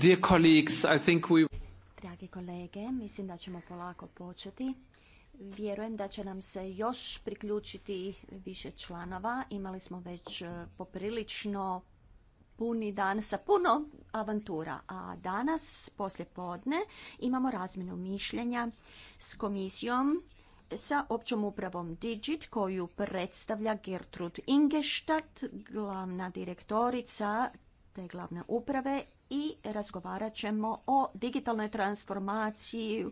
Dear Dragi kolege, mislim da ćemo polako početi. Vjerujem da će nam se još priključiti više članova. Imali smo već e, poprilično puni dan sa puno avantura, a danas poslje podne imamo razmjenu mišljenja s komisijom sa općom upravom Digit koju predstavlja Gertrud Ingeštat, glavna direktorica te glavne uprave i razgovarat ćemo o digitalnoj transformaciji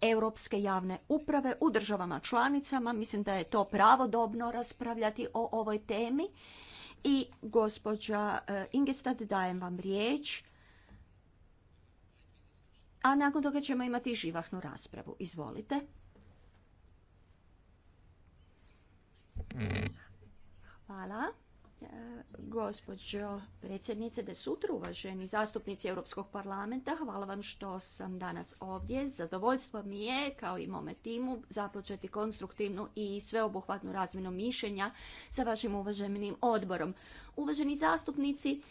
europske javne uprave u državama članicama. Mislim da je to pravodobno raspravljati o ovoj temi. I gospođa e, Ingestad, dajem vam riječ. A nakon toga ćemo imati živahnu raspravu. Izvolite. Mm. Hvala gospođo predsjednice de Sutra, uvaženi zastupnici Europskog parlamenta. Hvala vam što sam danas ovdje. Zadovoljstvo mi je, kao i mome timu, započeti konstruktivnu i sveobuhvatnu razmjenu mišljenja sa vašim uvaženim odborom. Uvaženi zastupnici,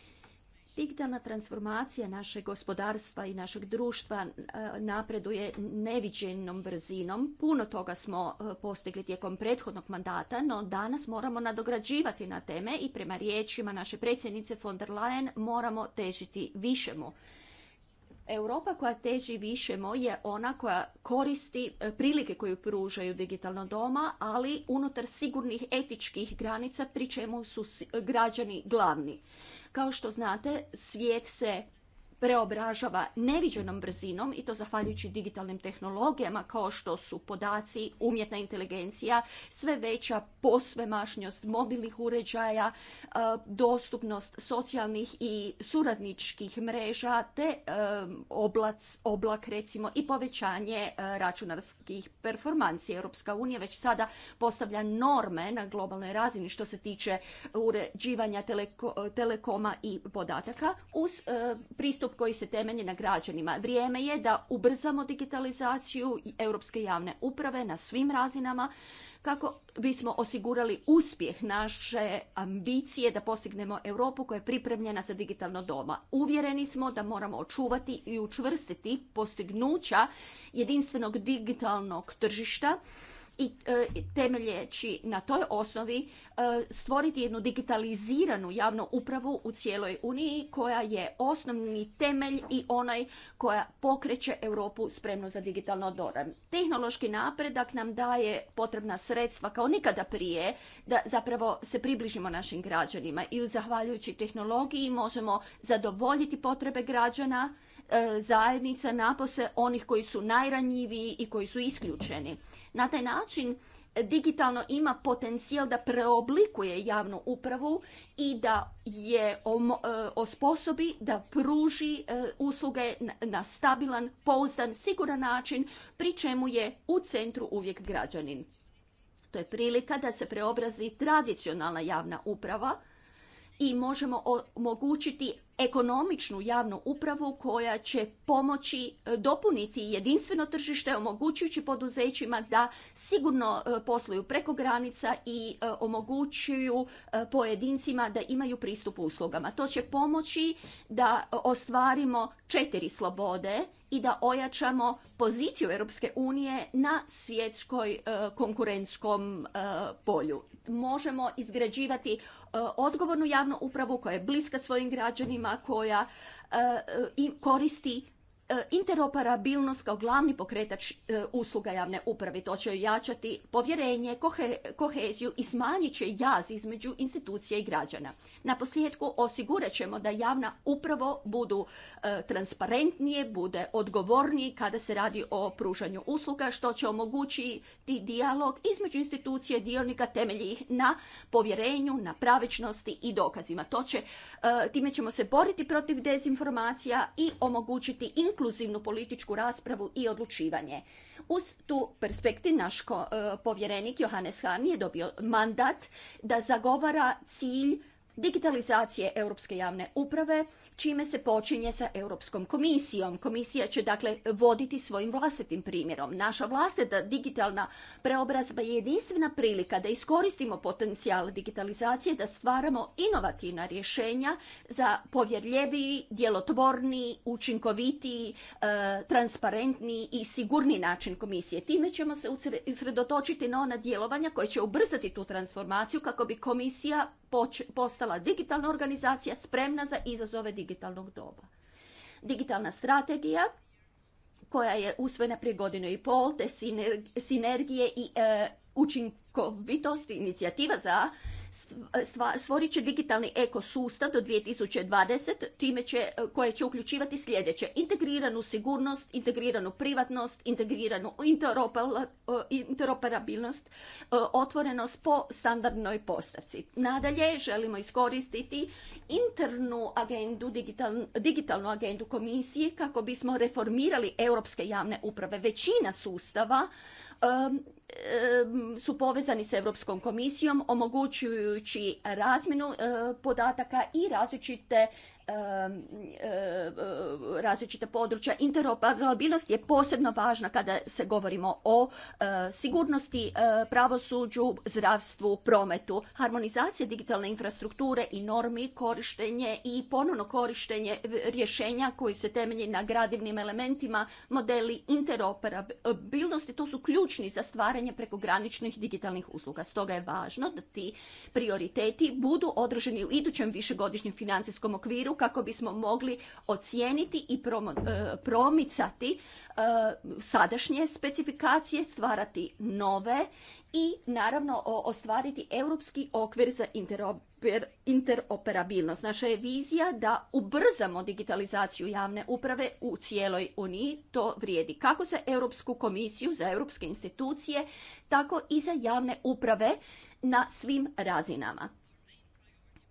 Digitalna transformacija našeg gospodarstva i našeg društva e, napreduje neviđenom brzinom. Puno toga smo e, postigli tijekom prethodnog mandata, no danas moramo nadograđivati na teme i prema riječima naše predsjednice von der Leyen moramo težiti višemu. Europa koja teži višemo je ona koja koristi e, prilike koju pružaju digitalno doma, ali unutar sigurnih etičkih granica pri čemu su građani glavni. Kao što znate, svijet se preobražava neviđenom brzinom i to zahvaljujući digitalnim tehnologijama kao što su podaci, umjetna inteligencija, sve veća posvemašnjost mobilnih uređaja, e, dostupnost socijalnih i suradničkih mreža te e, oblac, oblak recimo i povećanje e, računarskih performancije. Europska unija već sada postavlja norme na globalnoj razini što se tiče uređivanja telekoma i podataka uz pristup koji se temelji na građanima. Vrijeme je da ubrzamo digitalizaciju europske javne uprave na svim razinama kako bismo osigurali uspjeh naše ambicije da postignemo Europu koja je pripremljena za digitalno doma. Uvjereni smo da moramo očuvati i učvrstiti postignuća jedinstvenog digitalnog tržišta i e, temeljeći na toj osnovi e, stvoriti jednu digitaliziranu javnu upravu u cijeloj Uniji koja je osnovni temelj i onaj koja pokreće Europu spremnu za digitalno doran. Tehnološki napredak nam daje potrebna sredstva kao nikada prije da zapravo se približimo našim građanima i zahvaljujući tehnologiji možemo zadovoljiti potrebe građana E, zajednica napose onih koji su najranjiviji i koji su isključeni. Na taj način e, digitalno ima potencijal da preoblikuje javnu upravu i da je e, osposobi da pruži usluge na stabilan, pouzdan, siguran način, pri čemu je u centru uvijek građanin. To je prilika da se preobrazi tradicionalna javna uprava, i možemo omogućiti ekonomičnu javnu upravu koja će pomoći e, dopuniti jedinstveno tržište omogućujući poduzećima da sigurno e, posluju preko granica i e, omogućuju pojedincima da imaju pristup uslugama. To će pomoći da ostvarimo četiri slobode i da ojačamo poziciju Europske unije na svjetskoj e, konkurentskom e, polju. Možemo izgrađivati e, odgovornu javnu upravu koja je bliska svojim građanima, koja koristi E, interoperabilnost kao glavni pokretač e, usluga javne uprave. To će ojačati povjerenje, koheziju i smanjit će jaz između institucija i građana. Na posljedku osigurat ćemo da javna upravo budu e, transparentnije, bude odgovorniji kada se radi o pružanju usluga, što će omogućiti dijalog između institucije i dionika temelji ih na povjerenju, na pravičnosti i dokazima. time ćemo se boriti protiv dezinformacija i omogućiti inkluzivnost inkluzivnu političku raspravu i odlučivanje. Uz tu perspektiv naš e, povjerenik Johannes Hahn je dobio mandat da zagovara cilj digitalizacije europske javne uprave, čime se počinje sa Europskom komisijom. Komisija će dakle voditi svojim vlastitim primjerom. Naša vlastita digitalna preobrazba je jedinstvena prilika da iskoristimo potencijal digitalizacije, da stvaramo inovativna rješenja za povjerljiviji, djelotvorniji, učinkovitiji, e, transparentniji i sigurniji način komisije. Time ćemo se usredotočiti na ona djelovanja koje će ubrzati tu transformaciju kako bi komisija poč digitalna organizacija spremna za izazove digitalnog doba. Digitalna strategija koja je usvojena prije godinu i pol, te sinergije i e, učinkovitosti inicijativa za stvorit će digitalni ekosustav do 2020 time će, e, koje će uključivati sljedeće. Integriranu sigurnost, integriranu privatnost, integriranu e, interoperabilnost, e, otvorenost po standardnoj postavci. Nadalje želimo iskoristiti internu agendu, digital, digitalnu agendu komisije kako bismo reformirali europske javne uprave. Većina sustava su povezani s Europskom komisijom omogućujući razmjenu eh, podataka i različite Um, uh, različita područja. Interoperabilnost je posebno važna kada se govorimo o uh, sigurnosti, uh, pravosuđu, zdravstvu, prometu. Harmonizacija digitalne infrastrukture i normi, korištenje i ponovno korištenje rješenja koji se temelji na gradivnim elementima, modeli interoperabilnosti, to su ključni za stvaranje prekograničnih digitalnih usluga. Stoga je važno da ti prioriteti budu održeni u idućem višegodišnjem financijskom okviru kako bismo mogli ocijeniti i e, promicati e, sadašnje specifikacije, stvarati nove i naravno ostvariti europski okvir za interoperabilnost. Naša je vizija da ubrzamo digitalizaciju javne uprave u cijeloj Uniji. To vrijedi kako za Europsku komisiju, za europske institucije, tako i za javne uprave na svim razinama.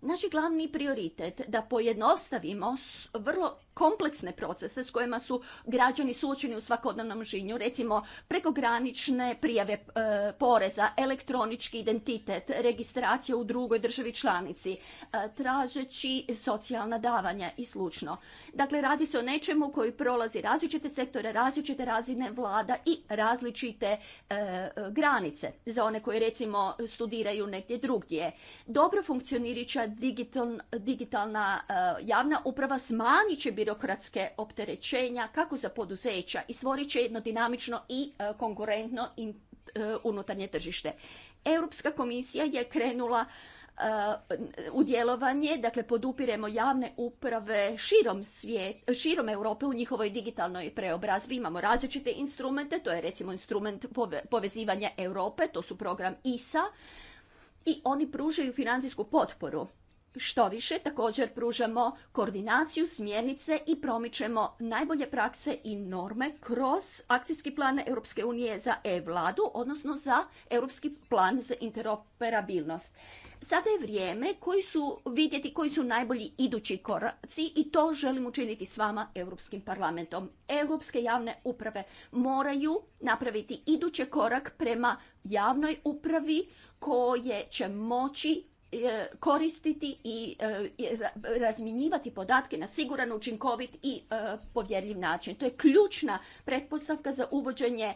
Naš glavni prioritet da pojednostavimo vrlo kompleksne procese s kojima su građani suočeni u svakodnevnom žinju, recimo prekogranične prijave e, poreza, elektronički identitet, registracija u drugoj državi članici, e, tražeći socijalna davanja i slučno. Dakle, radi se o nečemu koji prolazi različite sektore, različite razine vlada i različite e, granice za one koji recimo studiraju negdje drugdje. Dobro funkcionirajuća digitalna e, javna uprava smanjit će birokratske opterećenja kako za poduzeća i stvorit će jedno dinamično i e, konkurentno e, unutarnje tržište. Europska komisija je krenula u djelovanje, dakle podupiremo javne uprave širom, svijet, širom Europe u njihovoj digitalnoj preobrazbi. Imamo različite instrumente, to je recimo instrument povezivanja Europe, to su program ISA i oni pružaju financijsku potporu što više, također pružamo koordinaciju, smjernice i promičemo najbolje prakse i norme kroz akcijski plan Europske unije za e-vladu, odnosno za Europski plan za interoperabilnost. Sada je vrijeme koji su, vidjeti koji su najbolji idući koraci i to želim učiniti s vama Europskim parlamentom. Europske javne uprave moraju napraviti idući korak prema javnoj upravi koje će moći E, koristiti i e, razminjivati podatke na siguran, učinkovit i e, povjerljiv način. To je ključna pretpostavka za uvođenje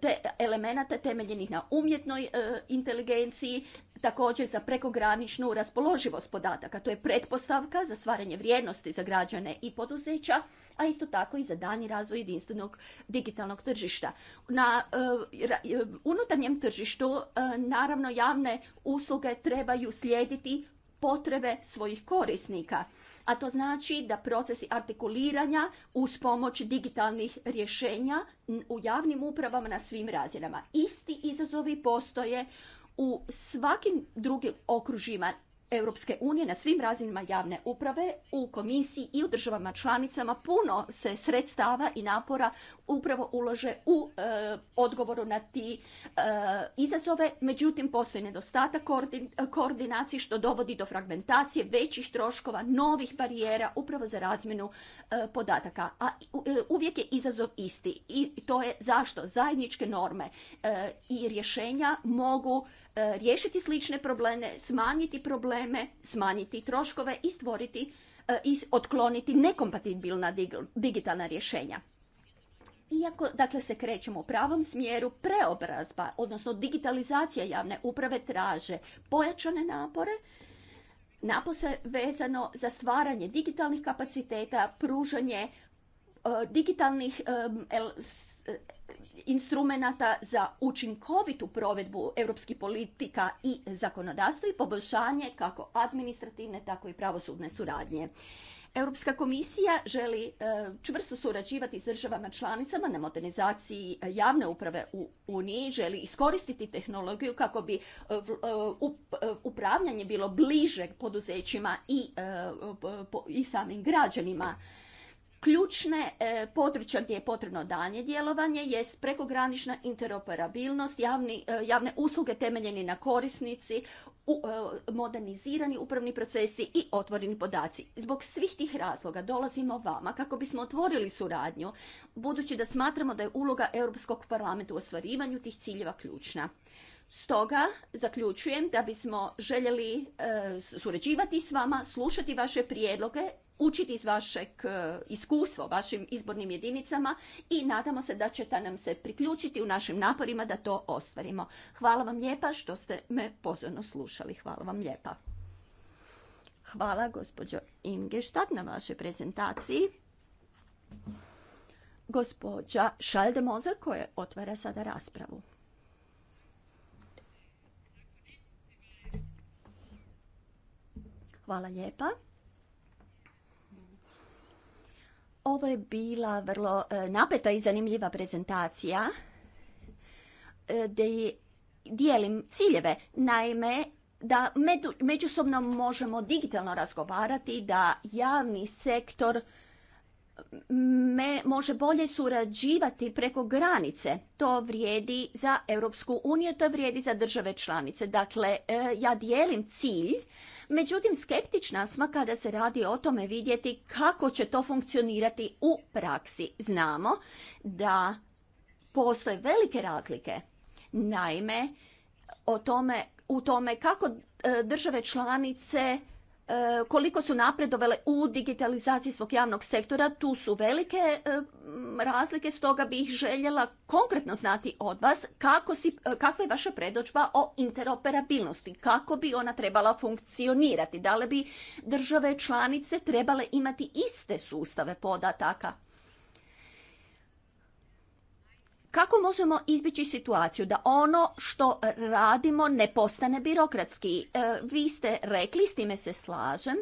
te elemenata temeljenih na umjetnoj inteligenciji, također za prekograničnu raspoloživost podataka. To je pretpostavka za stvaranje vrijednosti za građane i poduzeća, a isto tako i za danji razvoj jedinstvenog digitalnog tržišta. Na eh, eh, unutarnjem tržištu eh, naravno javne usluge trebaju slijediti potrebe svojih korisnika, a to znači da procesi artikuliranja uz pomoć digitalnih rješenja u javnim upravama na svim razinama. Isti izazovi postoje u svakim drugim okružima Europske unije na svim razinama javne uprave u komisiji i u državama članicama puno se sredstava i napora upravo ulože u e, odgovoru na ti e, izazove. Međutim, postoji nedostatak koordinacije što dovodi do fragmentacije, većih troškova, novih barijera upravo za razmjenu e, podataka. A uvijek je izazov isti i to je zašto zajedničke norme i rješenja mogu riješiti slične probleme, smanjiti probleme, smanjiti troškove i stvoriti i otkloniti nekompatibilna digitalna rješenja. Iako dakle, se krećemo u pravom smjeru, preobrazba, odnosno digitalizacija javne uprave traže pojačane napore, napose vezano za stvaranje digitalnih kapaciteta, pružanje e, digitalnih instrumenta e, instrumenata za učinkovitu provedbu europskih politika i zakonodavstva i poboljšanje kako administrativne, tako i pravosudne suradnje. Europska komisija želi e, čvrsto surađivati s državama članicama na modernizaciji e, javne uprave u Uniji, želi iskoristiti tehnologiju kako bi e, upravljanje bilo bliže poduzećima i, samim građanima. Ključne e, područja gdje je potrebno daljnje djelovanje jest prekogranična interoperabilnost, javni, e, javne usluge temeljeni na korisnici, u, e, modernizirani upravni procesi i otvoreni podaci. Zbog svih tih razloga dolazimo vama kako bismo otvorili suradnju, budući da smatramo da je uloga Europskog parlamenta u ostvarivanju tih ciljeva ključna. Stoga zaključujem da bismo željeli e, surađivati s vama, slušati vaše prijedloge učiti iz vašeg e, iskustva u vašim izbornim jedinicama i nadamo se da ćete nam se priključiti u našim naporima da to ostvarimo. Hvala vam lijepa što ste me pozorno slušali. Hvala vam lijepa. Hvala gospođo Ingeštad na vašoj prezentaciji. Gospođa Šaldemoza koja otvara sada raspravu. Hvala lijepa. Ovo je bila vrlo e, napeta i zanimljiva prezentacija e, gdje dijelim ciljeve. Naime, da međusobno možemo digitalno razgovarati, da javni sektor me može bolje surađivati preko granice. To vrijedi za Europsku uniju, to vrijedi za države članice. Dakle, e, ja dijelim cilj, međutim skeptična smo kada se radi o tome vidjeti kako će to funkcionirati u praksi. Znamo da postoje velike razlike. Naime, tome, u tome kako e, države članice E, koliko su napredovele u digitalizaciji svog javnog sektora, tu su velike e, razlike, stoga bih željela konkretno znati od vas kako si, e, kakva je vaša predođba o interoperabilnosti, kako bi ona trebala funkcionirati, da li bi države članice trebale imati iste sustave podataka Kako možemo izbjeći situaciju da ono što radimo ne postane birokratski? E, vi ste rekli, s time se slažem,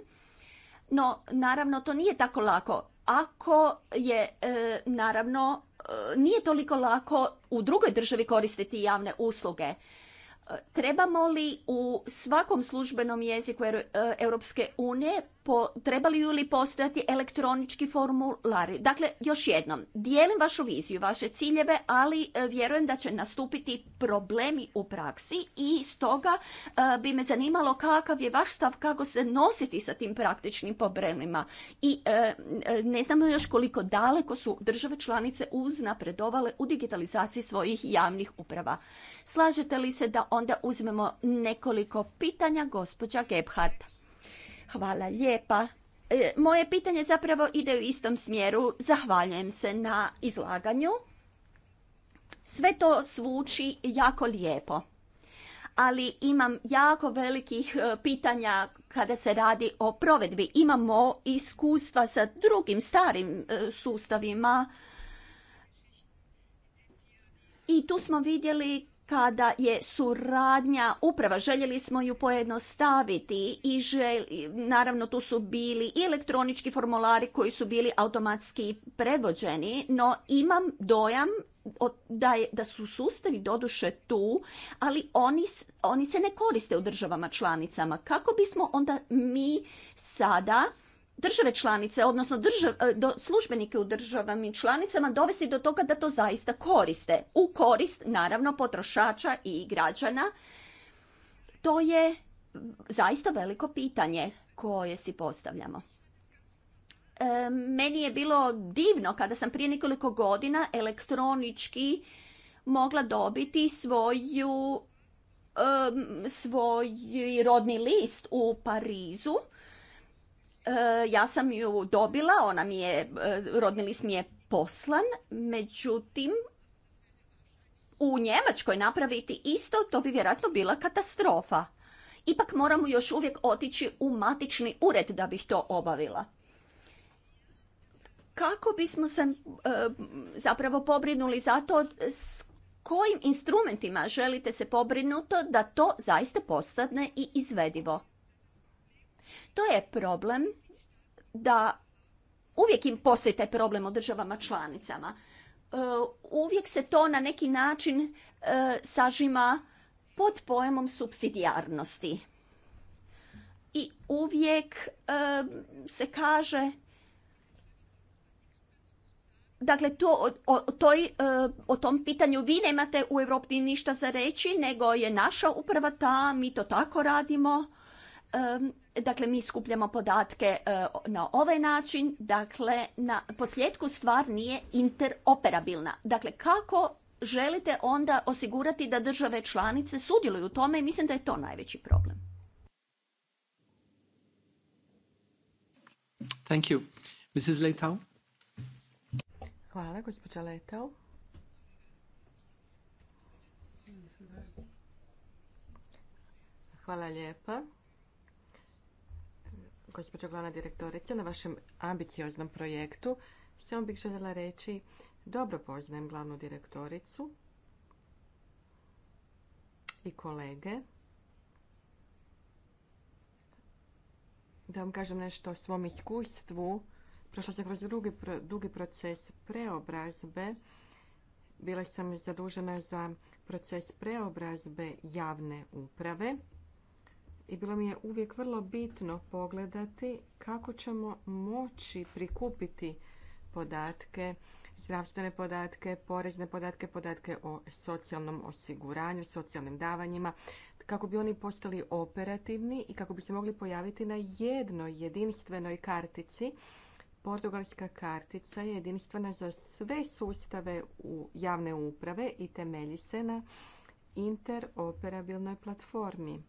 no naravno to nije tako lako. Ako je e, naravno e, nije toliko lako u drugoj državi koristiti javne usluge, trebamo li u svakom službenom jeziku Europske unije po, trebali li postojati elektronički formulari. Dakle, još jednom, dijelim vašu viziju, vaše ciljeve, ali e, vjerujem da će nastupiti problemi u praksi i stoga e, bi me zanimalo kakav je vaš stav, kako se nositi sa tim praktičnim problemima. I e, ne znamo još koliko daleko su države članice uznapredovale u digitalizaciji svojih javnih uprava. Slažete li se da onda uzmemo nekoliko pitanja gospođa Gebhardt? Hvala lijepa. E, moje pitanje zapravo ide u istom smjeru. Zahvaljujem se na izlaganju. Sve to zvuči jako lijepo, ali imam jako velikih e, pitanja kada se radi o provedbi. Imamo iskustva sa drugim starim e, sustavima i tu smo vidjeli kada je suradnja uprava, željeli smo ju pojednostaviti i naravno tu su bili i elektronički formulari koji su bili automatski prevođeni, no imam dojam da, je, da su sustavi doduše tu, ali oni, oni se ne koriste u državama članicama. Kako bismo onda mi sada države članice, odnosno e, do službenike u državama i članicama dovesti do toga da to zaista koriste. U korist, naravno, potrošača i građana. To je zaista veliko pitanje koje si postavljamo. E, meni je bilo divno kada sam prije nekoliko godina elektronički mogla dobiti svoju svoj rodni list u Parizu E, ja sam ju dobila, ona mi je, e, rodni list mi je poslan, međutim, u Njemačkoj napraviti isto, to bi vjerojatno bila katastrofa. Ipak moramo još uvijek otići u matični ured da bih to obavila. Kako bismo se e, zapravo pobrinuli za to s kojim instrumentima želite se pobrinuti da to zaista postane i izvedivo? To je problem da uvijek im postoji taj problem o državama članicama. E, uvijek se to na neki način e, sažima pod pojemom subsidijarnosti. I uvijek e, se kaže Dakle, to, o, toj, o tom pitanju vi nemate u Europi ništa za reći, nego je naša uprava ta, mi to tako radimo. Dakle, mi skupljamo podatke e, na ovaj način, dakle, na posljedku stvar nije interoperabilna. Dakle, kako želite onda osigurati da države članice sudjeluju u tome i mislim da je to najveći problem. Thank you. Mrs. Hvala, gospođa Letao. Hvala lijepa gospođo glavna direktorica na vašem ambicioznom projektu. Samo bih željela reći, dobro poznajem glavnu direktoricu i kolege. Da vam kažem nešto o svom iskustvu. Prošla sam kroz drugi, dugi proces preobrazbe. Bila sam zadužena za proces preobrazbe javne uprave i bilo mi je uvijek vrlo bitno pogledati kako ćemo moći prikupiti podatke, zdravstvene podatke, porezne podatke, podatke o socijalnom osiguranju, socijalnim davanjima, kako bi oni postali operativni i kako bi se mogli pojaviti na jednoj jedinstvenoj kartici. Portugalska kartica je jedinstvena za sve sustave u javne uprave i temelji se na interoperabilnoj platformi.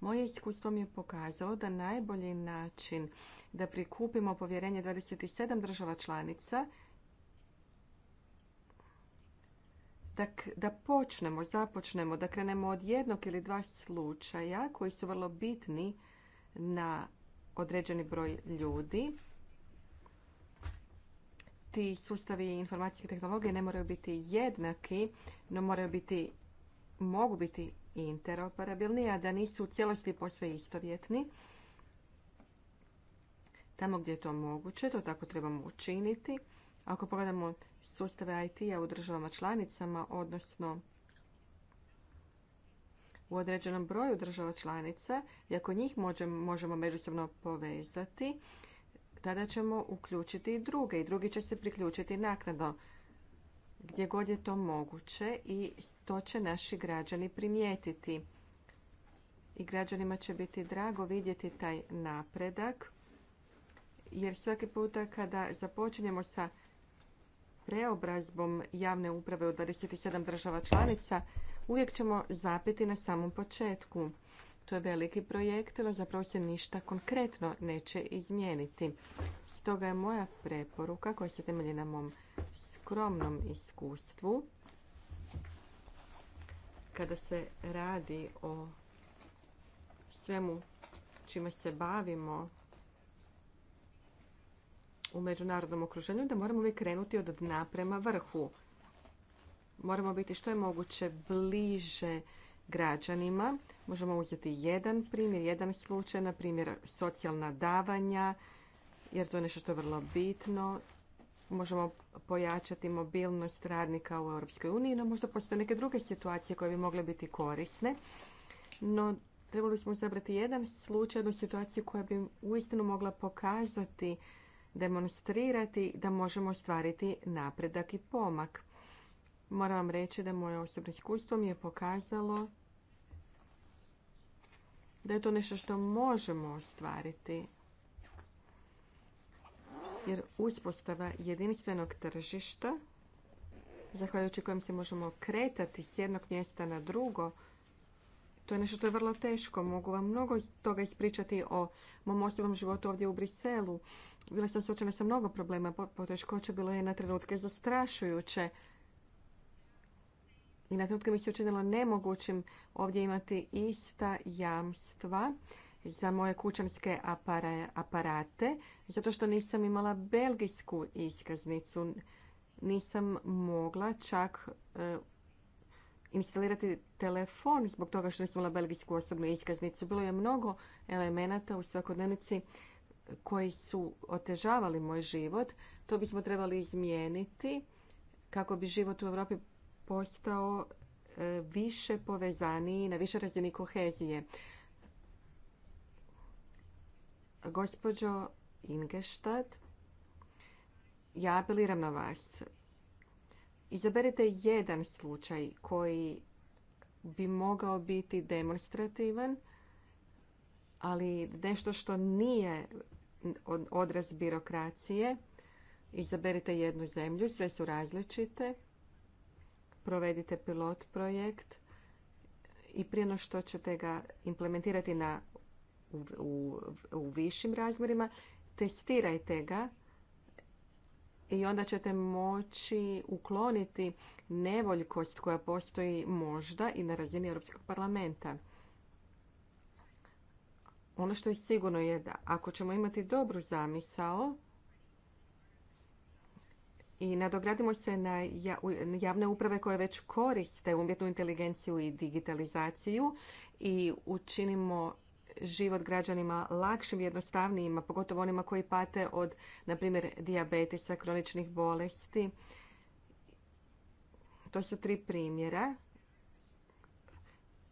Moje iskustvo mi je pokazalo da najbolji način da prikupimo povjerenje 27 država članica da, da počnemo, započnemo, da krenemo od jednog ili dva slučaja koji su vrlo bitni na određeni broj ljudi. Ti sustavi informacijske tehnologije ne moraju biti jednaki, no moraju biti, mogu biti interoperabilni, a da nisu u cijelosti posve istovjetni. Tamo gdje je to moguće, to tako trebamo učiniti. Ako pogledamo sustave IT-a u državama članicama, odnosno u određenom broju država članica, i ako njih možemo, možemo međusobno povezati, tada ćemo uključiti i druge i drugi će se priključiti naknadno gdje god je to moguće i to će naši građani primijetiti. I građanima će biti drago vidjeti taj napredak, jer svaki puta kada započinjemo sa preobrazbom javne uprave u 27 država članica, uvijek ćemo zapiti na samom početku. To je veliki projekt, ali zapravo se ništa konkretno neće izmijeniti. Stoga je moja preporuka koja se temelji na mom skromnom iskustvu kada se radi o svemu čime se bavimo u međunarodnom okruženju da moramo uvijek krenuti od dna prema vrhu. Moramo biti što je moguće bliže građanima. Možemo uzeti jedan primjer, jedan slučaj, na primjer socijalna davanja, jer to je nešto što je vrlo bitno možemo pojačati mobilnost radnika u Europskoj uniji, no možda postoje neke druge situacije koje bi mogle biti korisne. No, trebali smo zabrati jedan slučaj, jednu situaciju koja bi uistinu mogla pokazati, demonstrirati da možemo ostvariti napredak i pomak. Moram vam reći da moje osobno iskustvo mi je pokazalo da je to nešto što možemo ostvariti jer uspostava jedinstvenog tržišta, zahvaljujući kojem se možemo kretati s jednog mjesta na drugo, to je nešto što je vrlo teško. Mogu vam mnogo toga ispričati o mom osobnom životu ovdje u Briselu. Bila sam suočena sa mnogo problema, poteškoće bilo je na trenutke zastrašujuće. I na trenutke mi se učinilo nemogućim ovdje imati ista jamstva za moje kućanske aparate, zato što nisam imala belgijsku iskaznicu. Nisam mogla čak e, instalirati telefon zbog toga što nisam imala belgijsku osobnu iskaznicu. Bilo je mnogo elemenata u svakodnevnici koji su otežavali moj život. To bismo trebali izmijeniti kako bi život u Europi postao e, više povezaniji na više razini kohezije. Gospođo Ingeštad, ja apeliram na vas. Izaberite jedan slučaj koji bi mogao biti demonstrativan, ali nešto što nije odraz birokracije. Izaberite jednu zemlju, sve su različite. Provedite pilot projekt i prije no što ćete ga implementirati na u, u, višim razmjerima, testirajte ga i onda ćete moći ukloniti nevoljkost koja postoji možda i na razini Europskog parlamenta. Ono što je sigurno je da ako ćemo imati dobru zamisao i nadogradimo se na javne uprave koje već koriste umjetnu inteligenciju i digitalizaciju i učinimo život građanima lakšim, jednostavnijima, pogotovo onima koji pate od, na primjer, dijabetisa, kroničnih bolesti. To su tri primjera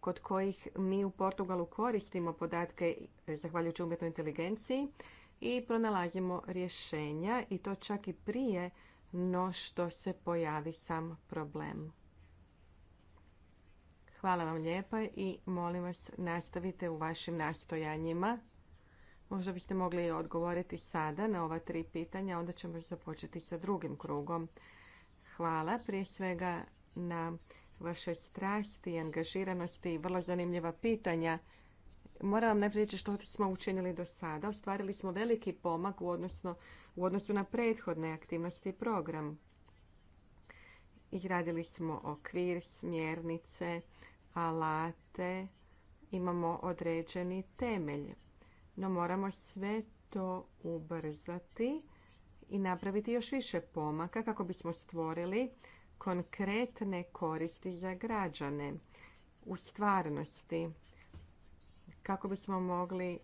kod kojih mi u Portugalu koristimo podatke zahvaljujući umjetnoj inteligenciji i pronalazimo rješenja i to čak i prije no što se pojavi sam problem. Hvala vam lijepa i molim vas nastavite u vašim nastojanjima. Možda biste mogli odgovoriti sada na ova tri pitanja, onda ćemo započeti sa drugim krugom. Hvala prije svega na vašoj strasti i angažiranosti i vrlo zanimljiva pitanja. Moram vam najprije reći što smo učinili do sada. Ostvarili smo veliki pomak u, u odnosu na prethodne aktivnosti i program. Izradili smo okvir, smjernice, alate, imamo određeni temelj. No moramo sve to ubrzati i napraviti još više pomaka kako bismo stvorili konkretne koristi za građane u stvarnosti kako bismo mogli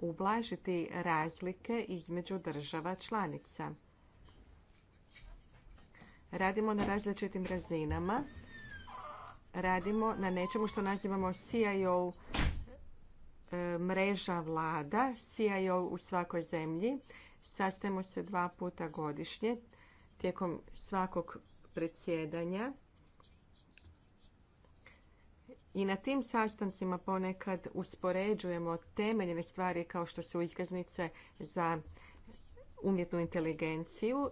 ublažiti razlike između država članica. Radimo na različitim razinama radimo na nečemu što nazivamo CIO e, mreža vlada, CIO u svakoj zemlji. Sastajemo se dva puta godišnje tijekom svakog predsjedanja. I na tim sastancima ponekad uspoređujemo temeljne stvari kao što su iskaznice za umjetnu inteligenciju.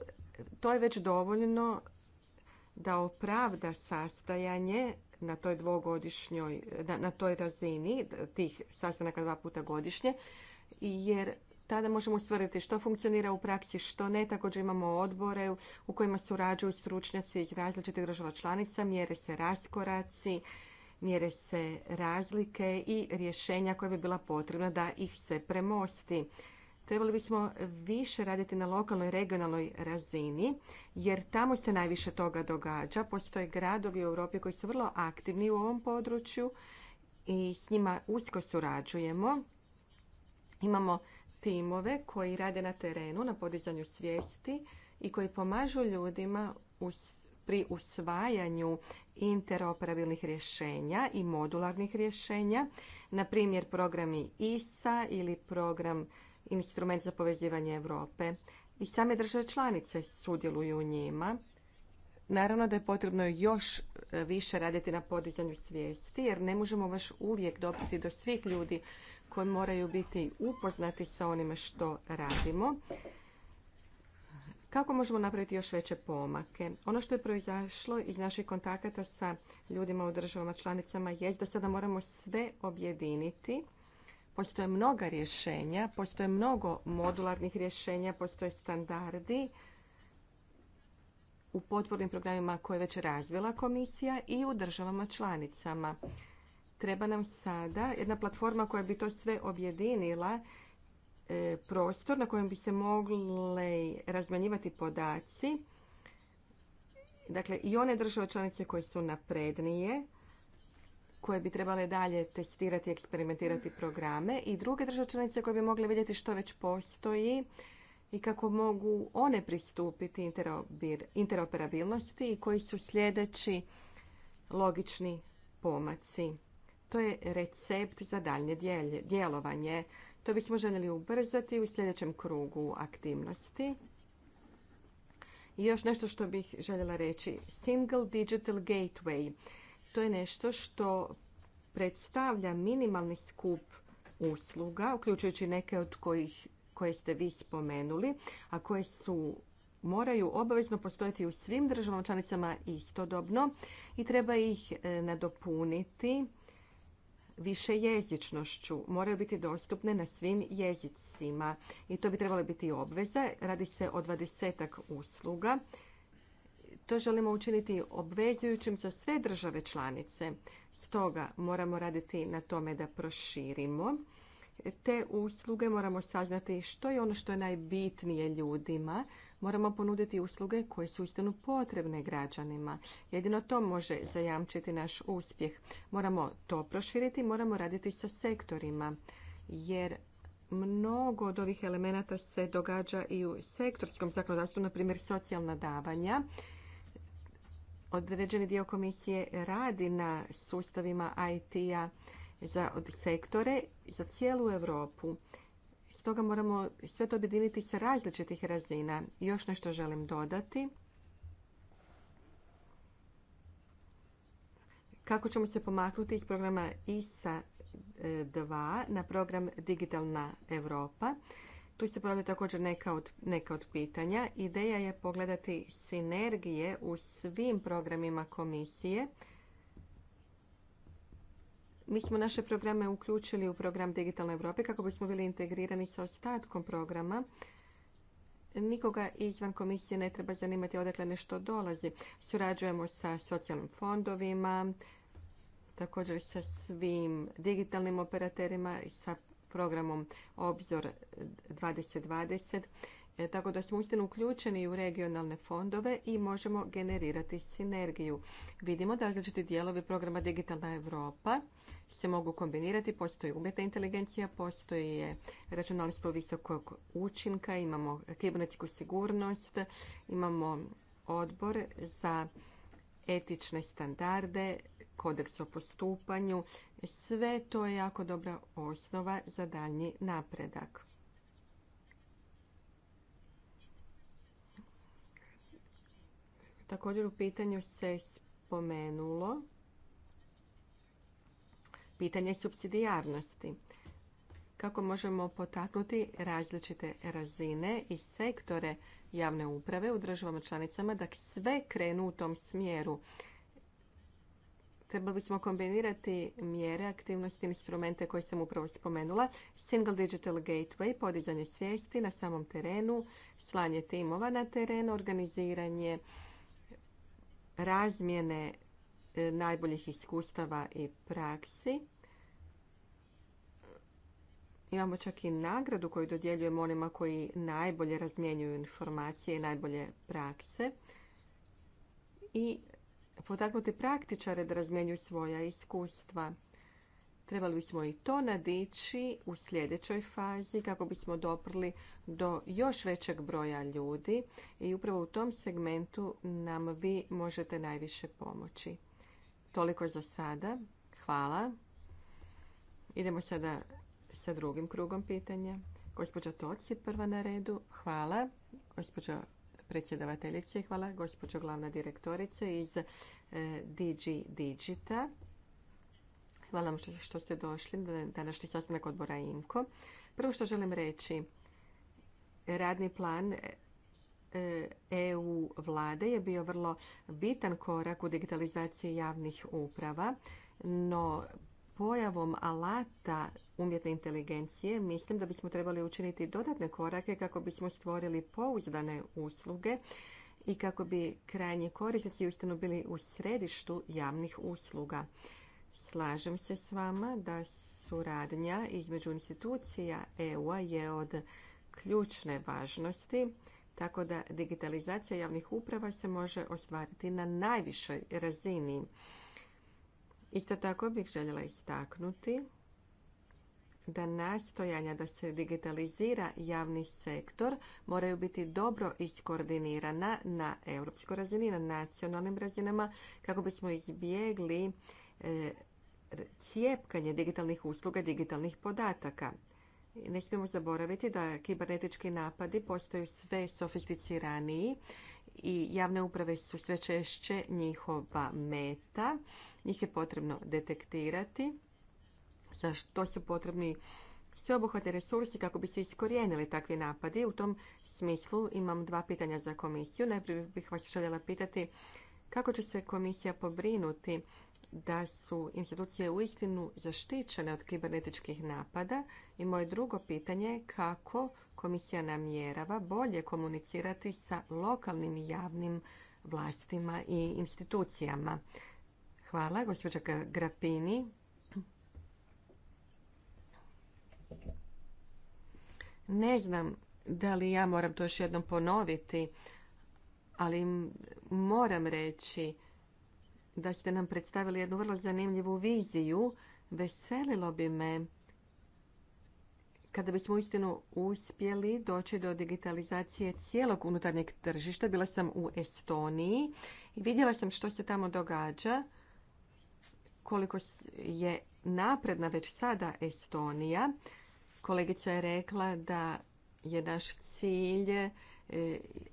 To je već dovoljno da opravda sastajanje na toj dvogodišnjoj, na, toj razini tih sastanaka dva puta godišnje, jer tada možemo ustvrditi što funkcionira u praksi, što ne. Također imamo odbore u kojima surađuju stručnjaci iz različitih država članica, mjere se raskoraci, mjere se razlike i rješenja koje bi bila potrebna da ih se premosti. Trebali bismo više raditi na lokalnoj i regionalnoj razini, jer tamo se najviše toga događa. Postoje gradovi u Europi koji su vrlo aktivni u ovom području i s njima usko surađujemo. Imamo timove koji rade na terenu, na podizanju svijesti i koji pomažu ljudima pri usvajanju interoperabilnih rješenja i modularnih rješenja. Na primjer, programi ISA ili program instrument za povezivanje Europe i same države članice sudjeluju u njima. Naravno da je potrebno još e, više raditi na podizanju svijesti jer ne možemo baš uvijek dobiti do svih ljudi koji moraju biti upoznati sa onime što radimo. Kako možemo napraviti još veće pomake? Ono što je proizašlo iz naših kontakata sa ljudima u državama članicama jest da sada moramo sve objediniti Postoje mnoga rješenja, postoje mnogo modularnih rješenja, postoje standardi u potpornim programima koje je već razvila komisija i u državama članicama. Treba nam sada jedna platforma koja bi to sve objedinila, e, prostor na kojem bi se mogle razmanjivati podaci. Dakle, i one države članice koje su naprednije, koje bi trebale dalje testirati i eksperimentirati programe i druge države članice koje bi mogle vidjeti što već postoji i kako mogu one pristupiti interoperabilnosti i koji su sljedeći logični pomaci. To je recept za daljnje djelovanje. To bismo željeli ubrzati u sljedećem krugu aktivnosti. I još nešto što bih željela reći. Single Digital Gateway – to je nešto što predstavlja minimalni skup usluga, uključujući neke od kojih koje ste vi spomenuli, a koje su moraju obavezno postojati u svim državama članicama istodobno i treba ih e, nadopuniti više jezičnošću. Moraju biti dostupne na svim jezicima i to bi trebalo biti obveza. Radi se o dvadesetak usluga to želimo učiniti obvezujućim za sve države članice. Stoga moramo raditi na tome da proširimo te usluge, moramo saznati što je ono što je najbitnije ljudima. Moramo ponuditi usluge koje su istinu potrebne građanima. Jedino to može zajamčiti naš uspjeh. Moramo to proširiti, moramo raditi sa sektorima. Jer mnogo od ovih elemenata se događa i u sektorskom zakonodavstvu, na primjer socijalna davanja određeni dio komisije radi na sustavima IT-a za sektore za cijelu Europu. Stoga moramo sve to objediniti sa različitih razina. Još nešto želim dodati. Kako ćemo se pomaknuti iz programa ISA 2 e, na program Digitalna Europa? Tu se pojavljaju također neka od, neka od pitanja. Ideja je pogledati sinergije u svim programima komisije. Mi smo naše programe uključili u program Digitalne Europe kako bismo bili integrirani sa ostatkom programa. Nikoga izvan komisije ne treba zanimati odakle nešto dolazi. Surađujemo sa socijalnim fondovima, također sa svim digitalnim operaterima, i sa programom Obzor 2020, e, tako da smo uistinu uključeni u regionalne fondove i možemo generirati sinergiju. Vidimo da različiti dijelovi programa Digitalna Europa se mogu kombinirati. Postoji umjetna inteligencija, postoji računalstvo visokog učinka, imamo kibernetsku sigurnost, imamo odbor za etične standarde, kodeks o postupanju. Sve to je jako dobra osnova za daljnji napredak. Također u pitanju se spomenulo pitanje subsidijarnosti. Kako možemo potaknuti različite razine i sektore javne uprave u državama članicama da sve krenu u tom smjeru Trebali bismo kombinirati mjere, aktivnosti, instrumente koje sam upravo spomenula. Single Digital Gateway, podizanje svijesti na samom terenu, slanje timova na teren, organiziranje razmjene e, najboljih iskustava i praksi. Imamo čak i nagradu koju dodjeljujemo onima koji najbolje razmjenjuju informacije i najbolje prakse. I potaknuti praktičare da razmjenjuju svoja iskustva. Trebali bismo i to nadići u sljedećoj fazi kako bismo doprli do još većeg broja ljudi i upravo u tom segmentu nam vi možete najviše pomoći. Toliko za sada. Hvala. Idemo sada sa drugim krugom pitanja. Gospođa Toci prva na redu. Hvala. Gospođa predsjedavateljice. Hvala gospođo glavna direktorice iz e, DG Digita. Hvala vam što ste došli na današnji sastanak odbora INKO. Prvo što želim reći, radni plan EU e vlade je bio vrlo bitan korak u digitalizaciji javnih uprava, no pojavom alata umjetne inteligencije mislim da bismo trebali učiniti dodatne korake kako bismo stvorili pouzdane usluge i kako bi krajnji korisnici uistinu bili u središtu javnih usluga. Slažem se s vama da suradnja između institucija EU-a je od ključne važnosti, tako da digitalizacija javnih uprava se može ostvariti na najvišoj razini. Isto tako bih željela istaknuti da nastojanja da se digitalizira javni sektor moraju biti dobro iskoordinirana na europskoj razini, na nacionalnim razinama, kako bismo izbjegli e, cijepkanje digitalnih usluga, digitalnih podataka. Ne smijemo zaboraviti da kibernetički napadi postaju sve sofisticiraniji i javne uprave su sve češće njihova meta njih je potrebno detektirati, za što su potrebni sveobuhvatni resursi kako bi se iskorijenili takvi napadi. U tom smislu imam dva pitanja za komisiju. Najprije bih vas željela pitati kako će se komisija pobrinuti da su institucije uistinu zaštićene od kibernetičkih napada i moje drugo pitanje je kako komisija namjerava bolje komunicirati sa lokalnim i javnim vlastima i institucijama. Hvala, gospođa Grapini. Ne znam da li ja moram to još jednom ponoviti, ali moram reći da ste nam predstavili jednu vrlo zanimljivu viziju. Veselilo bi me kada bismo uistinu uspjeli doći do digitalizacije cijelog unutarnjeg tržišta. Bila sam u Estoniji i vidjela sam što se tamo događa koliko je napredna već sada Estonija. Kolegica je rekla da je naš cilj e,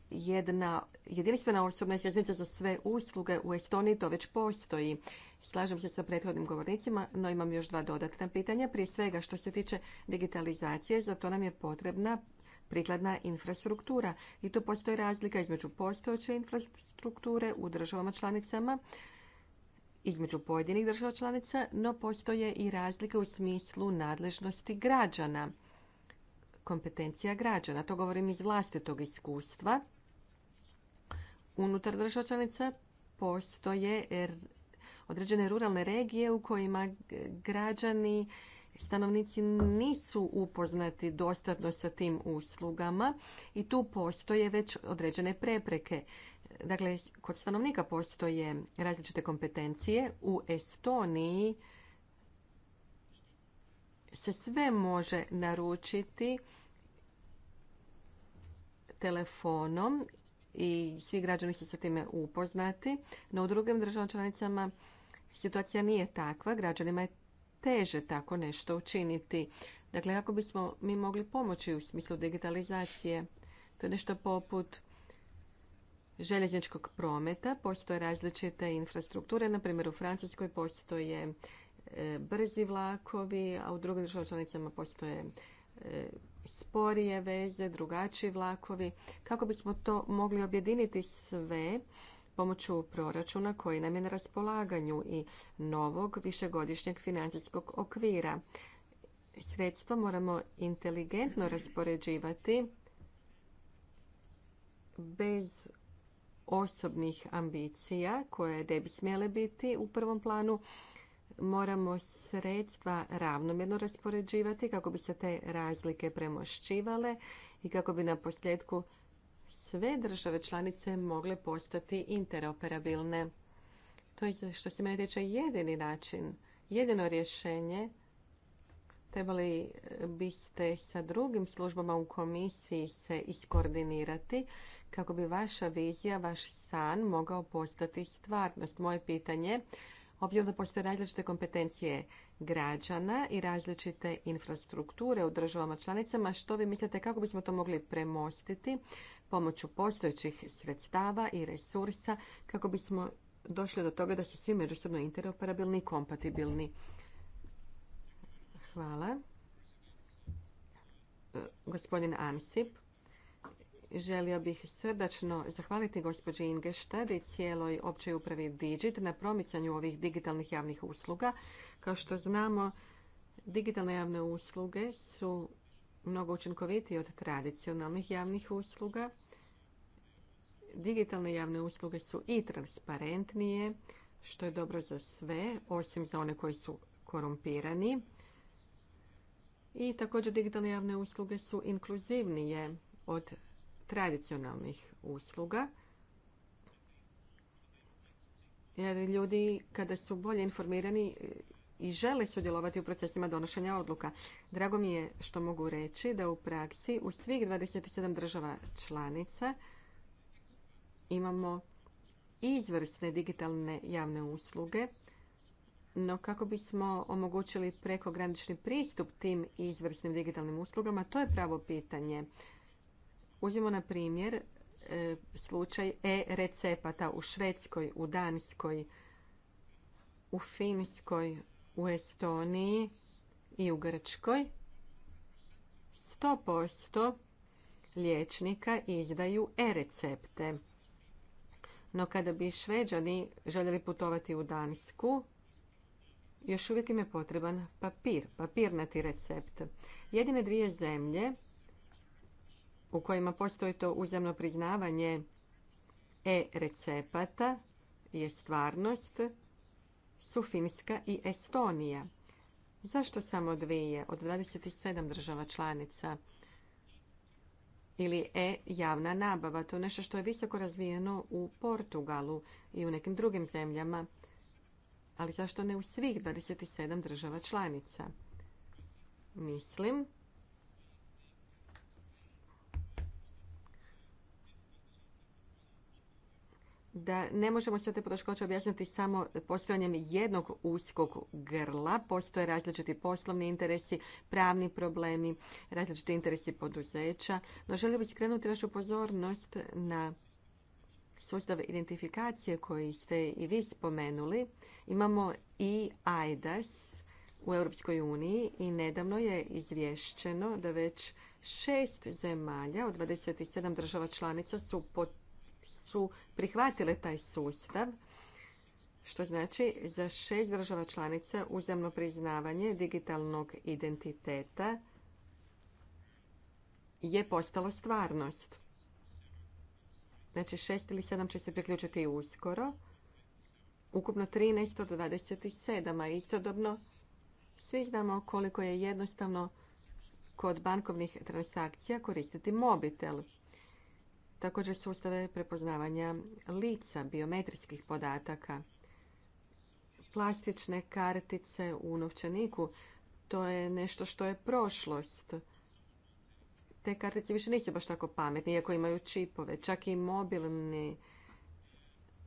jedna jedinstvena osobna iskaznica za sve usluge u Estoniji to već postoji. Slažem se sa prethodnim govornicima, no imam još dva dodatna pitanja. Prije svega što se tiče digitalizacije, za to nam je potrebna prikladna infrastruktura. I tu postoji razlika između postojeće infrastrukture u državama članicama između pojedinih država članica, no postoje i razlike u smislu nadležnosti građana, kompetencija građana. To govorim iz vlastitog iskustva. Unutar država članica postoje er, određene ruralne regije u kojima građani, stanovnici nisu upoznati dostatno sa tim uslugama i tu postoje već određene prepreke. Dakle, kod stanovnika postoje različite kompetencije. U Estoniji se sve može naručiti telefonom i svi građani su sa time upoznati, no u drugim državama članicama situacija nije takva, građanima je teže tako nešto učiniti. Dakle, kako bismo mi mogli pomoći u smislu digitalizacije, to je nešto poput željezničkog prometa. Postoje različite infrastrukture, na primjer u Francuskoj postoje e, brzi vlakovi, a u drugim državama članicama postoje e, sporije veze, drugačiji vlakovi. Kako bismo to mogli objediniti sve pomoću proračuna koji nam je na raspolaganju i novog višegodišnjeg financijskog okvira. Sredstva moramo inteligentno raspoređivati bez osobnih ambicija koje ne bi smjele biti u prvom planu. Moramo sredstva ravnomjerno raspoređivati kako bi se te razlike premošćivale i kako bi na posljedku sve države članice mogle postati interoperabilne. To je što se mene tiče jedini način, jedino rješenje Trebali eh, biste sa drugim službama u komisiji se iskoordinirati kako bi vaša vizija, vaš san mogao postati stvarnost. Moje pitanje, obzirom da postoje različite kompetencije građana i različite infrastrukture u državama članicama, što vi mislite kako bismo to mogli premostiti pomoću postojećih sredstava i resursa kako bismo došli do toga da su svi međusobno interoperabilni i kompatibilni. Hvala. Gospodin Ansip. Želio bih srdačno zahvaliti gospođi Ingeštad i cijeloj općoj upravi Digit na promicanju ovih digitalnih javnih usluga. Kao što znamo, digitalne javne usluge su mnogo učinkovitije od tradicionalnih javnih usluga. Digitalne javne usluge su i transparentnije, što je dobro za sve, osim za one koji su korumpirani. I također digitalne javne usluge su inkluzivnije od tradicionalnih usluga. Jer ljudi kada su bolje informirani e, i žele sudjelovati u procesima donošenja odluka. Drago mi je što mogu reći da u praksi u svih 27 država članica imamo izvrsne digitalne javne usluge no kako bismo omogućili prekogranični pristup tim izvrsnim digitalnim uslugama, to je pravo pitanje. Uzmimo na primjer e, slučaj e-recepata u Švedskoj, u Danskoj, u Finskoj, u Estoniji i u Grčkoj. 100% liječnika izdaju e-recepte. No kada bi Šveđani željeli putovati u Dansku, još uvijek im je potreban papir, papirnati recept. Jedine dvije zemlje u kojima postoji to uzemno priznavanje e-recepata je stvarnost su Finska i Estonija. Zašto samo dvije od 27 država članica? Ili e-javna nabava, to je nešto što je visoko razvijeno u Portugalu i u nekim drugim zemljama ali zašto ne u svih 27 država članica? Mislim da ne možemo sve te poteškoće objasniti samo postojanjem jednog uskog grla. Postoje različiti poslovni interesi, pravni problemi, različiti interesi poduzeća. No želio bih skrenuti vašu pozornost na sustav identifikacije koji ste i vi spomenuli, imamo i AIDAS u Europskoj uniji i nedavno je izvješćeno da već šest zemalja od 27 država članica su, su prihvatile taj sustav, što znači za šest država članica uzemno priznavanje digitalnog identiteta je postalo stvarnost. Znači 6 ili 7 će se priključiti uskoro. Ukupno 13 od 27, a istodobno svi znamo koliko je jednostavno kod bankovnih transakcija koristiti mobitel. Također sustave prepoznavanja lica, biometrijskih podataka, plastične kartice u novčaniku. To je nešto što je prošlost te kartice više nisu baš tako pametne, iako imaju čipove. Čak i mobilni,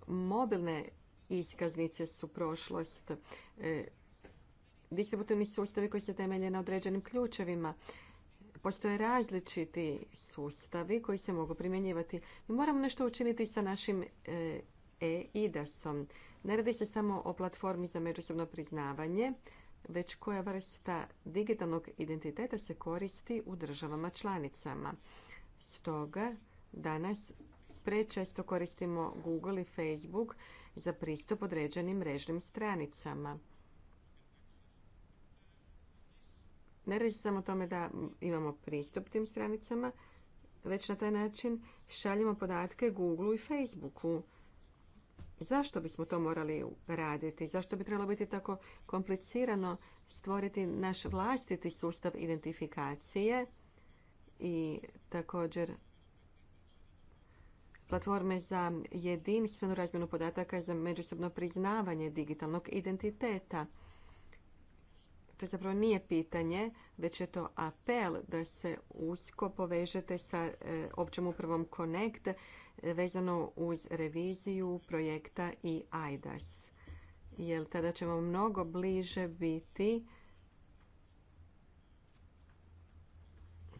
mobilne iskaznice su prošlost. E, distributivni sustavi koji se temelje na određenim ključevima. Postoje različiti sustavi koji se mogu primjenjivati. Mi moramo nešto učiniti sa našim e, e-IDAS-om. Ne radi se samo o platformi za međusobno priznavanje, već koja vrsta digitalnog identiteta se koristi u državama članicama. Stoga danas prečesto koristimo Google i Facebook za pristup određenim mrežnim stranicama. Ne reći samo tome da imamo pristup tim stranicama, već na taj način šaljemo podatke Google i Facebooku. Zašto bismo to morali raditi? Zašto bi trebalo biti tako komplicirano stvoriti naš vlastiti sustav identifikacije i također platforme za jedinstvenu razmjenu podataka za međusobno priznavanje digitalnog identiteta. To zapravo nije pitanje, već je to apel da se usko povežete sa e, općom upravom Connect vezano uz reviziju projekta i AIDAS. Jer tada ćemo mnogo bliže biti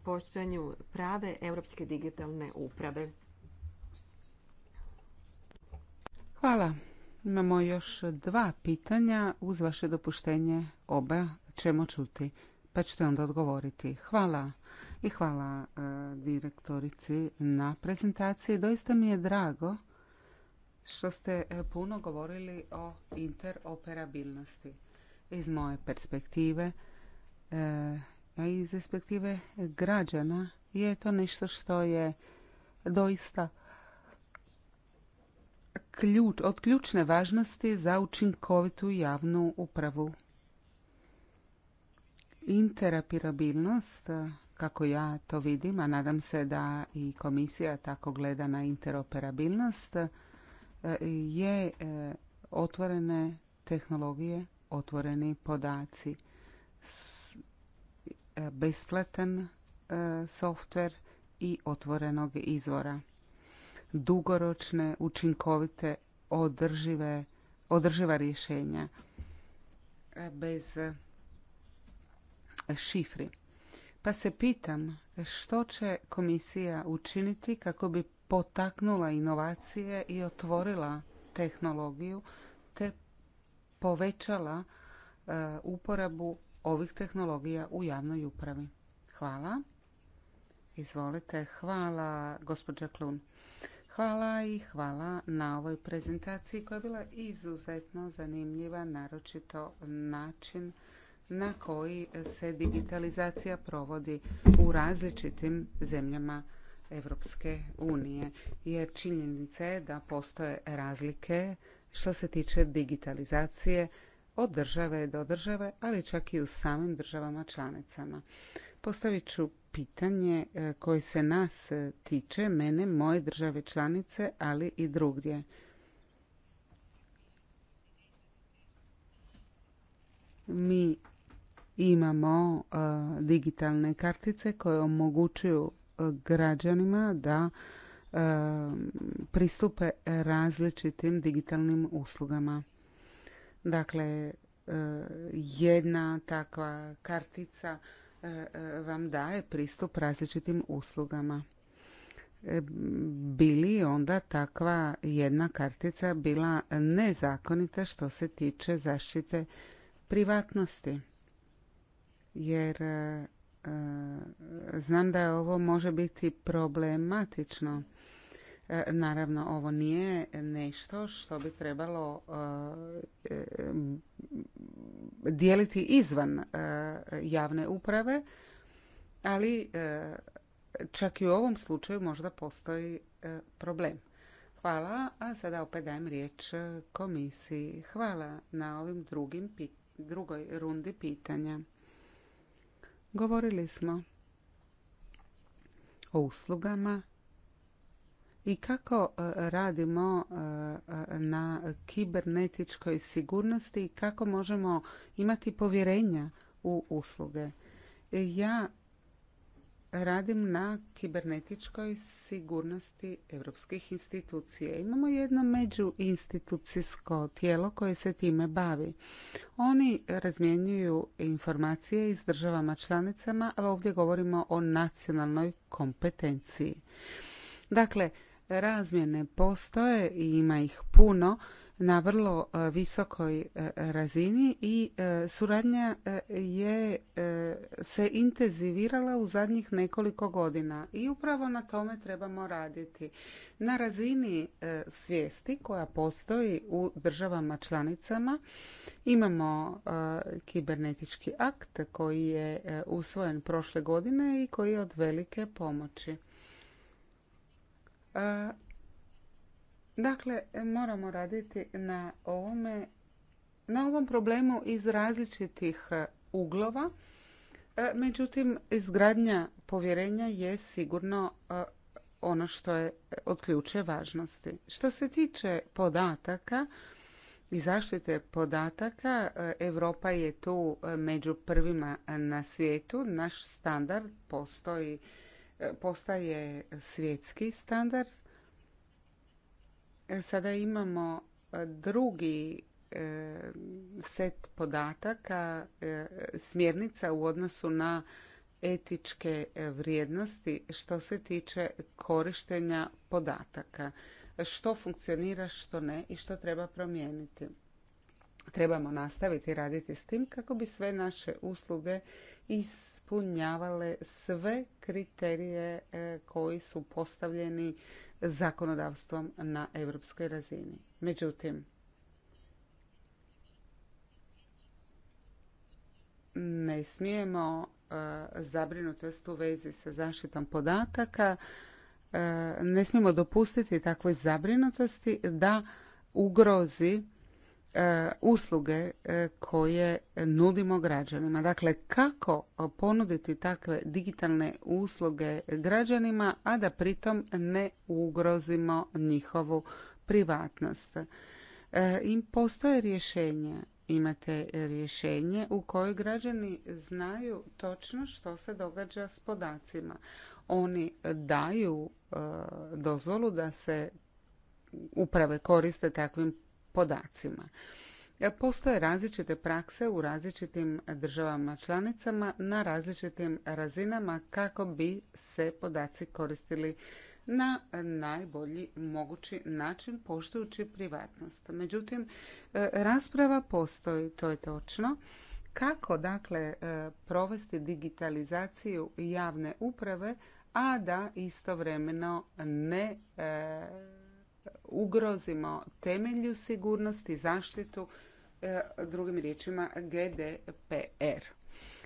postojanju prave europske digitalne uprave. Hvala. Imamo još dva pitanja. Uz vaše dopuštenje oba ćemo čuti, pa ćete onda odgovoriti. Hvala i hvala e, direktorici na prezentaciji. Doista mi je drago što ste e, puno govorili o interoperabilnosti. Iz moje perspektive, e, a iz perspektive građana, je to nešto što je doista ključ, od ključne važnosti za učinkovitu javnu upravu. Interoperabilnost kako ja to vidim, a nadam se da i komisija tako gleda na interoperabilnost, e, je e, otvorene tehnologije, otvoreni podaci, e, besplatan softver i otvorenog izvora. Dugoročne, učinkovite, održive, održiva rješenja bez šifri. Pa se pitam što će komisija učiniti kako bi potaknula inovacije i otvorila tehnologiju te povećala e, uporabu ovih tehnologija u javnoj upravi. Hvala. Izvolite. Hvala, gospođa Klun. Hvala i hvala na ovoj prezentaciji koja je bila izuzetno zanimljiva, naročito način na koji se digitalizacija provodi u različitim zemljama Europske unije. Jer činjenica je da postoje razlike što se tiče digitalizacije od države do države, ali čak i u samim državama članicama. Postavit ću pitanje e, koje se nas tiče, mene, moje države članice, ali i drugdje. Mi imamo e, digitalne kartice koje omogućuju e, građanima da e, pristupe različitim digitalnim uslugama. Dakle, jedna takva kartica vam daje pristup različitim uslugama. Bili onda takva jedna kartica bila nezakonita što se tiče zaštite privatnosti jer e, e, znam da je ovo može biti problematično. E, naravno, ovo nije nešto što bi trebalo dijeliti izvan javne uprave, ali čak i u ovom slučaju možda postoji problem. Hvala, a sada opet dajem riječ komisiji. Hvala na ovim drugim, drugoj rundi pitanja. Govorili smo o uslugama i kako e, radimo e, e, na kibernetičkoj sigurnosti i kako možemo imati povjerenja u usluge. Ja radim na kibernetičkoj sigurnosti europskih institucija. Imamo jedno međuinstitucijsko tijelo koje se time bavi. Oni razmjenjuju informacije iz državama članicama, ali ovdje govorimo o nacionalnoj kompetenciji. Dakle, razmjene postoje i ima ih puno na vrlo e, visokoj e, razini i e, suradnja je se intenzivirala u zadnjih nekoliko godina i upravo na tome trebamo raditi. Na razini svijesti koja postoji u državama članicama imamo kibernetički akt koji je usvojen prošle godine i koji je od velike pomoći Dakle, moramo raditi na ovome, na ovom problemu iz različitih e, uglova. E, međutim, izgradnja povjerenja je sigurno e, ono što je od ključe važnosti. Što se tiče podataka i zaštite podataka, Europa je tu među prvima na svijetu. Naš standard postoji, postaje svjetski standard E, sada imamo e, drugi e, set podataka, smjernica u odnosu na etičke vrijednosti što se tiče korištenja podataka. Što funkcionira, što ne i što treba promijeniti. Trebamo nastaviti raditi s tim kako bi sve naše usluge ispunjavale sve kriterije koji su postavljeni zakonodavstvom na europskoj razini. Međutim, ne smijemo e, zabrinutost u vezi sa zaštitom podataka, e, ne smijemo dopustiti takvoj zabrinutosti da ugrozi E, usluge e, koje nudimo građanima. Dakle, kako ponuditi takve digitalne usluge građanima, a da pritom ne ugrozimo njihovu privatnost. E, Im postoje rješenje. Imate rješenje u kojoj građani znaju točno što se događa s podacima. Oni daju dozvolu da se uprave koriste takvim podacima. E, postoje različite prakse u različitim državama članicama na različitim razinama kako bi se podaci koristili na najbolji mogući način poštujući privatnost. Međutim, e, rasprava postoji, to je točno. Kako dakle e, provesti digitalizaciju javne uprave, a da istovremeno ne ugrozimo temelju sigurnosti i zaštitu, e, drugim riječima GDPR.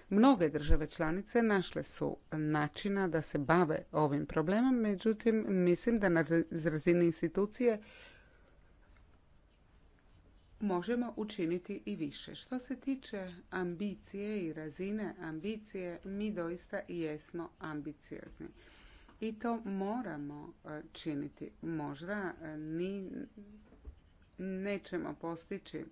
Mnoge države članice našle su načina da se bave ovim problemom, međutim mislim da na razini institucije možemo učiniti i više. Što se tiče ambicije i razine ambicije, mi doista i jesmo ambiciozni i to moramo e, činiti. Možda e, ni nećemo postići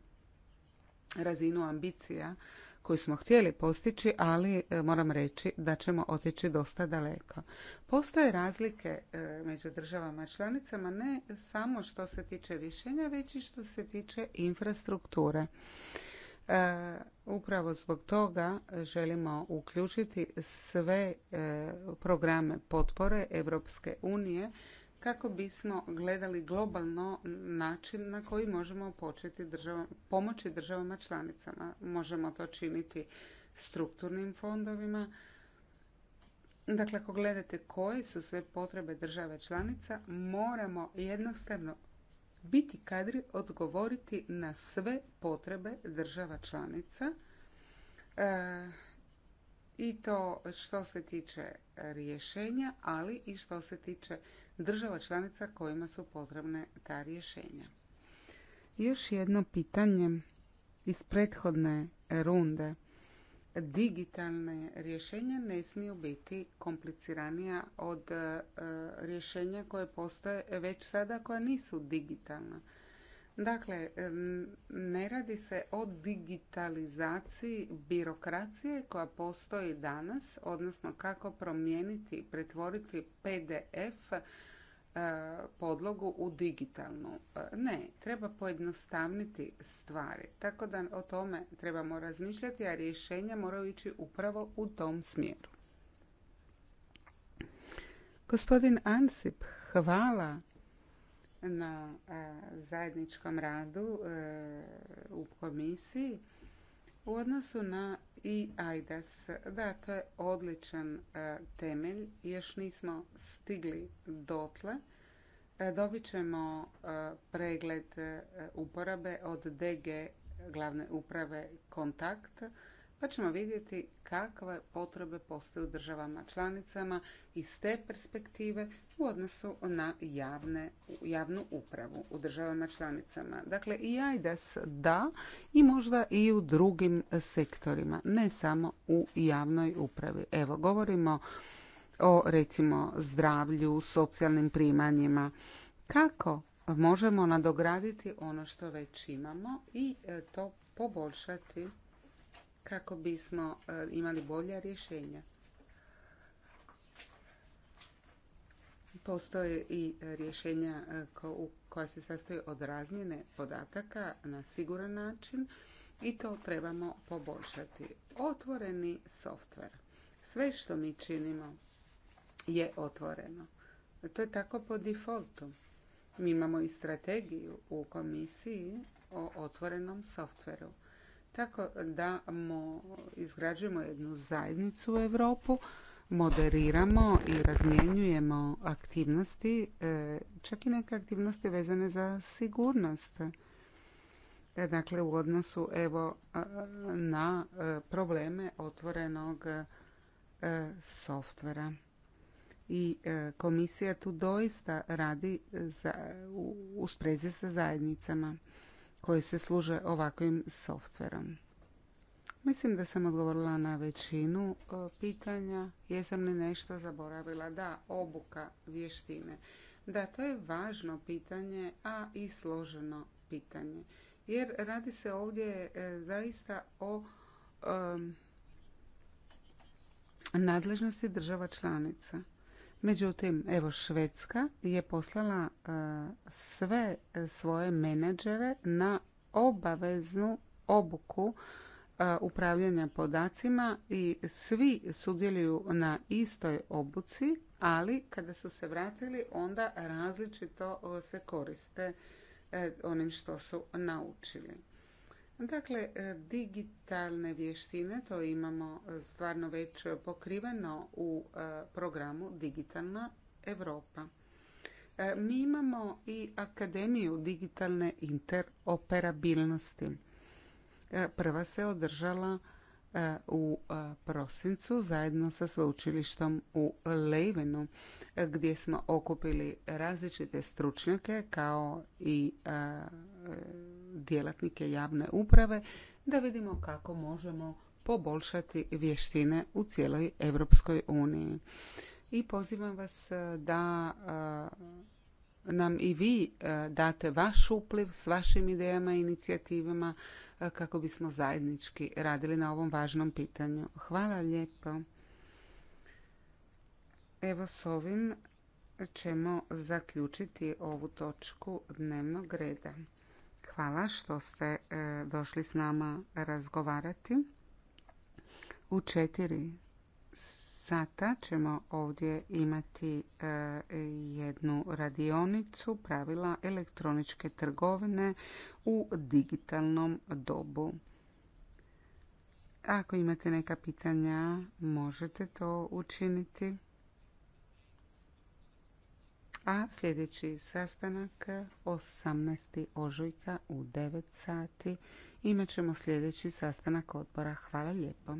razinu ambicija koju smo htjeli postići, ali e, moram reći da ćemo otići dosta daleko. Postoje razlike među državama i članicama ne samo što se tiče višenja, već i što se tiče infrastrukture. E, upravo zbog toga želimo uključiti sve e, programe potpore Europske unije kako bismo gledali globalno način na koji možemo početi pomoći državama članicama. Možemo to činiti strukturnim fondovima. Dakle, ako gledate koje su sve potrebe države članica, moramo jednostavno biti kadri odgovoriti na sve potrebe država članica e, i to što se tiče rješenja, ali i što se tiče država članica kojima su potrebne ta rješenja. Još jedno pitanje iz prethodne runde digitalne rješenja ne smiju biti kompliciranija od e, rješenja koje postoje već sada koja nisu digitalna. Dakle, ne radi se o digitalizaciji birokracije koja postoji danas, odnosno kako promijeniti, pretvoriti PDF E, podlogu u digitalnu. E, ne, treba pojednostavniti stvari. Tako da o tome trebamo razmišljati, a rješenja moraju ići upravo u tom smjeru. Gospodin Ansip, hvala na e, zajedničkom radu u komisiji. U odnosu na i da, to je odličan e, temelj. Još nismo stigli dotle. E, dobit ćemo e, pregled uporabe od DG glavne uprave Kontakt pa ćemo vidjeti kakve potrebe postoje u državama članicama iz te perspektive u odnosu na javne, javnu upravu u državama članicama. Dakle, i AIDAS e da i možda i u drugim sektorima, ne samo u javnoj upravi. Evo, govorimo o recimo zdravlju, socijalnim primanjima. Kako možemo nadograditi ono što već imamo i e, to poboljšati kako bismo e, imali bolja rješenja. Postoje i rješenja e, koja se sastoji od razmjene podataka na siguran način i to trebamo poboljšati. Otvoreni softver. Sve što mi činimo je otvoreno. To je tako po defaultu. Mi imamo i strategiju u komisiji o otvorenom softveru. Tako da mo, izgrađujemo jednu zajednicu u Europu, moderiramo i razmjenjujemo aktivnosti, e, čak i neke aktivnosti vezane za sigurnost. E, dakle, u odnosu evo na e, probleme otvorenog softvera. I komisija tu doista radi za, u, u sprezi sa zajednicama koji se služe ovakvim softverom. Mislim da sam odgovorila na većinu e, pitanja. Jesam li nešto zaboravila? Da, obuka vještine. Da, to je važno pitanje, a i složeno pitanje. Jer radi se ovdje e, zaista o nadležnosti država članica. Međutim, evo Švedska je poslala e, sve svoje menadžere na obaveznu obuku e, upravljanja podacima i svi sudjeluju na istoj obuci, ali kada su se vratili onda različito e, se koriste onim što su naučili. Dakle, e, digitalne vještine, to imamo e, stvarno već pokriveno u e, programu Digitalna Europa. Mi imamo i Akademiju digitalne interoperabilnosti. Prva se održala u prosincu zajedno sa sveučilištom u Lejvenu gdje smo okupili različite stručnjake kao i djelatnike javne uprave da vidimo kako možemo poboljšati vještine u cijeloj Europskoj uniji. I pozivam vas e, da e, nam i vi e, date vaš upliv s vašim idejama i inicijativama kako bismo zajednički radili na ovom važnom pitanju. Hvala lijepo. Evo s ovim ćemo zaključiti ovu točku dnevnog reda. Hvala što ste e, došli s nama razgovarati. U četiri sata ćemo ovdje imati e, jednu radionicu pravila elektroničke trgovine u digitalnom dobu. Ako imate neka pitanja, možete to učiniti a sljedeći sastanak 18. ožujka u 9 sati Imaćemo ćemo sljedeći sastanak odbora. Hvala lijepo.